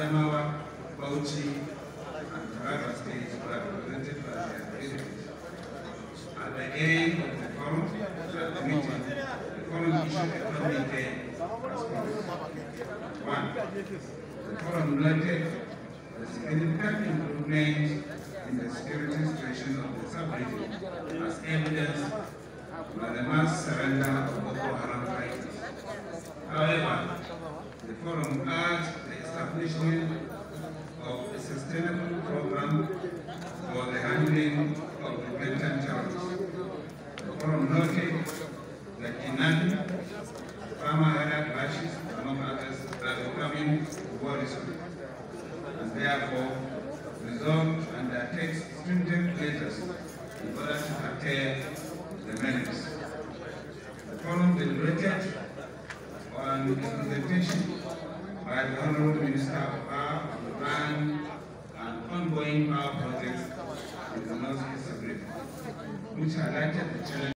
Adamawa, Bauchi, and Taraba states were represented by their presidents. At the end of the forum, the meeting, the forum issued a public One, the forum noted the significant improvement in the security situation of the sub-region as evidenced by the mass surrender of Boko Haram fighters. However, the forum establishment of a sustainable program for the handling of the Clinton Challenge. From noting the Kinani, farmer area clashes, among others, that are becoming worrisome, and therefore resolve and take stringent measures in order to curtail the menace. The forum deliberated on the presentation by the Honourable Minister of Power on the plan and ongoing power projects in the Northeast Agreement, which highlighted the challenge.